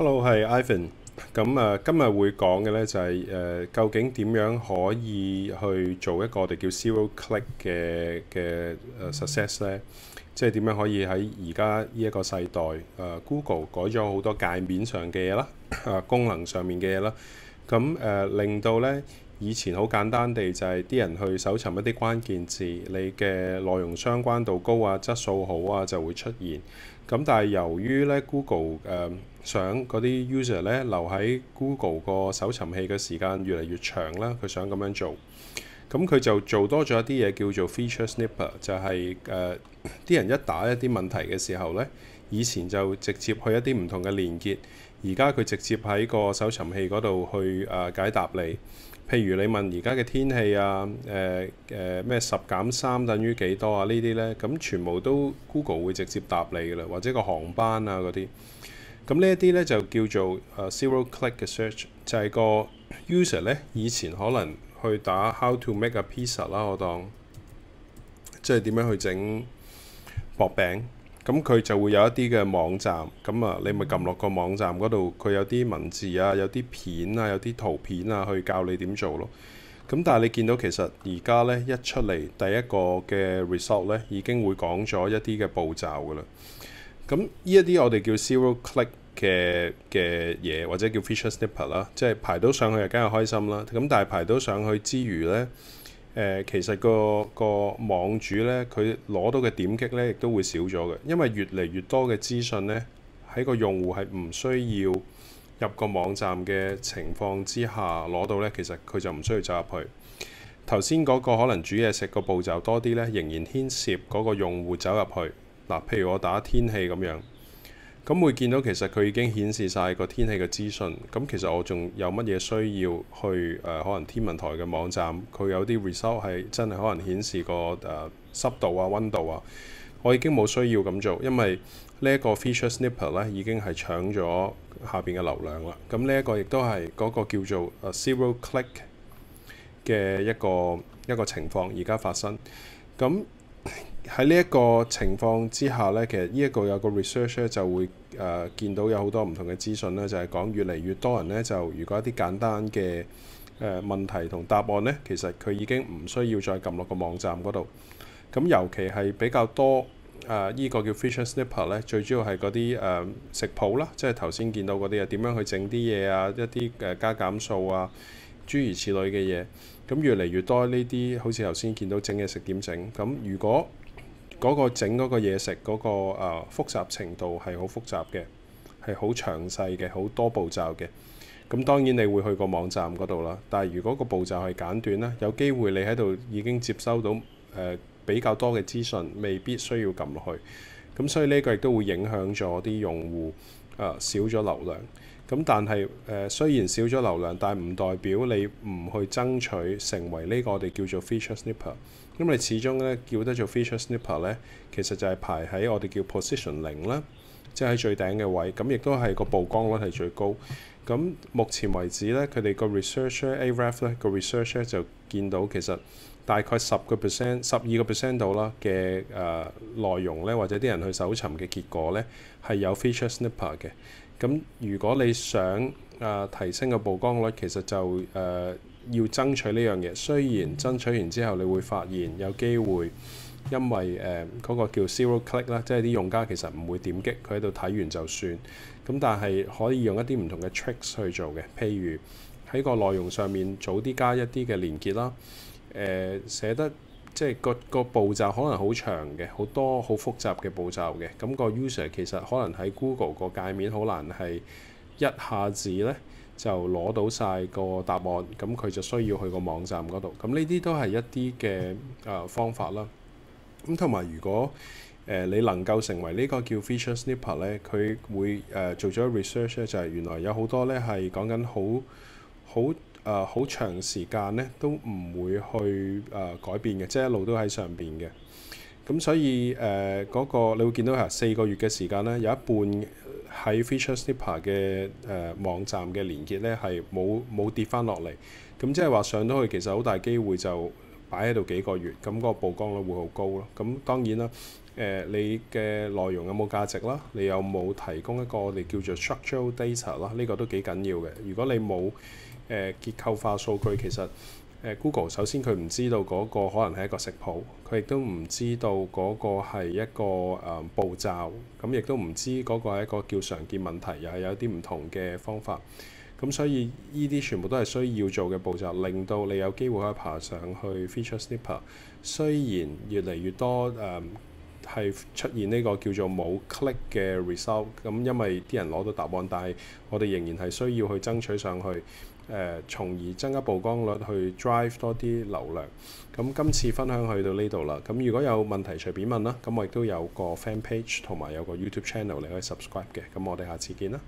Hello，係 Ivan。咁啊，今日會講嘅呢就係誒，究竟點樣可以去做一個我哋叫 Zero Click 嘅嘅 success 呢？即係點樣可以喺而家呢一個世代，誒 Google 改咗好多界面上嘅嘢啦，啊功能上面嘅嘢啦，咁誒令到呢。以前好簡單地就係啲人去搜尋一啲關鍵字，你嘅內容相關度高啊，質素好啊就會出現。咁但係由於呢 Google 誒、呃、想嗰啲 user 呢留喺 Google 個搜尋器嘅時間越嚟越長啦，佢想咁樣做，咁、嗯、佢就做多咗一啲嘢叫做 feature snipper，就係誒啲人一打一啲問題嘅時候呢，以前就直接去一啲唔同嘅連結，而家佢直接喺個搜尋器嗰度去誒、呃、解答你。譬如你問而家嘅天氣啊，誒誒咩十減三等於幾多啊？呢啲呢，咁全部都 Google 會直接答你嘅啦，或者個航班啊嗰啲，咁呢一啲呢，就叫做誒、呃、zero click 嘅 search，就係個 user 呢。以前可能去打 how to make a pizza 啦，我當即係點樣去整薄餅。咁佢就會有一啲嘅網站，咁啊，你咪撳落個網站嗰度，佢有啲文字啊，有啲片啊，有啲圖片啊，去教你點做咯。咁但係你見到其實而家呢，一出嚟，第一個嘅 result 呢，已經會講咗一啲嘅步驟噶啦。咁呢一啲我哋叫 zero click 嘅嘅嘢，或者叫 feature snippet 啦，即係排到上去梗係開心啦。咁但係排到上去之餘呢。誒，其實個個網主咧，佢攞到嘅點擊咧，亦都會少咗嘅，因為越嚟越多嘅資訊咧，喺個用戶係唔需要入個網站嘅情況之下攞到咧，其實佢就唔需要走入去。頭先嗰個可能煮嘢食個步驟多啲咧，仍然牽涉嗰個用戶走入去嗱，譬如我打天氣咁樣。咁會見到其實佢已經顯示晒個天氣嘅資訊，咁其實我仲有乜嘢需要去誒、呃？可能天文台嘅網站佢有啲 result 係真係可能顯示個誒濕度啊、溫度啊，我已經冇需要咁做，因為呢一個 feature snippet 咧已經係搶咗下邊嘅流量啦。咁呢一個亦都係嗰個叫做誒 zero click 嘅一個一個情況而家發生。咁喺呢一個情況之下呢，其實呢一個有個 research 咧就會誒、呃、見到有好多唔同嘅資訊咧，就係、是、講越嚟越多人呢，就如果一啲簡單嘅誒、呃、問題同答案呢，其實佢已經唔需要再撳落個網站嗰度。咁尤其係比較多誒呢、呃這個叫 featured snippet 呢，最主要係嗰啲誒食譜啦，即係頭先見到嗰啲啊，點樣去整啲嘢啊，一啲加減數啊，諸如此類嘅嘢。咁越嚟越多呢啲好似頭先見到整嘢食點整。咁如果嗰個整嗰個嘢食嗰個誒複雜程度係好複雜嘅，係好詳細嘅，好多步驟嘅。咁當然你會去個網站嗰度啦。但係如果個步驟係簡短啦，有機會你喺度已經接收到誒、呃、比較多嘅資訊，未必需要撳落去。咁所以呢個亦都會影響咗啲用戶誒、呃、少咗流量。咁但係誒、呃、雖然少咗流量，但係唔代表你唔去爭取成為呢個我哋叫做 feature snipper。因為你始終咧叫得做 feature snipper 咧，其實就係排喺我哋叫 position 零啦，即係最頂嘅位。咁、嗯、亦都係個曝光率係最高。咁、嗯、目前為止咧，佢哋 rese、er，個 researcher AREF 咧個 researcher 就見到其實大概十個 percent、十二個 percent 度啦嘅誒內容咧，或者啲人去搜尋嘅結果咧，係有 feature snipper 嘅。咁如果你想誒、呃、提升個曝光率，其實就誒、呃、要爭取呢樣嘢。雖然爭取完之後，你會發現有機會，因為誒嗰、呃嗰個叫 zero click 啦，即係啲用家其實唔會點擊，佢喺度睇完就算。咁但係可以用一啲唔同嘅 tricks 去做嘅，譬如喺個內容上面早啲加一啲嘅連結啦，誒、呃、寫得。即係個個步驟可能好長嘅，好多好複雜嘅步驟嘅。咁個 user 其實可能喺 Google 個界面好難係一下子呢就攞到晒個答案。咁佢就需要去個網站嗰度。咁呢啲都係一啲嘅誒方法啦。咁同埋如果、呃、你能夠成為呢個叫 Feature Snipper 呢，佢會誒、呃、做咗 research 呢，就係原來有好多呢係講緊好好。誒好、呃、長時間咧都唔會去誒、呃、改變嘅，即係一路都喺上邊嘅。咁、嗯、所以誒嗰、呃那個你會見到係四個月嘅時間咧，有一半喺 Feature Snipper 嘅誒、呃、網站嘅連結咧係冇冇跌翻落嚟。咁、嗯、即係話上到去其實好大機會就。擺喺度幾個月，咁嗰個曝光率會好高咯。咁當然啦，誒、呃、你嘅內容有冇價值啦？你有冇提供一個我哋叫做 structural data 啦？呢個都幾緊要嘅。如果你冇誒、呃、結構化數據，其實誒、呃、Google 首先佢唔知道嗰個可能係一個食譜，佢亦都唔知道嗰個係一個誒、呃、步驟，咁亦都唔知嗰個係一個叫常見問題，又係有啲唔同嘅方法。咁所以呢啲全部都係需要做嘅步驟，令到你有機會可以爬上去 featured snippet。雖然越嚟越多誒係、嗯、出現呢個叫做冇 click 嘅 result，咁、嗯、因為啲人攞到答案，但係我哋仍然係需要去爭取上去誒、呃，從而增加曝光率，去 drive 多啲流量。咁、嗯、今次分享去到呢度啦。咁、嗯、如果有問題，隨便問啦。咁、嗯、我亦都有個 fan page 同埋有個 YouTube channel，你可以 subscribe 嘅。咁、嗯、我哋下次見啦。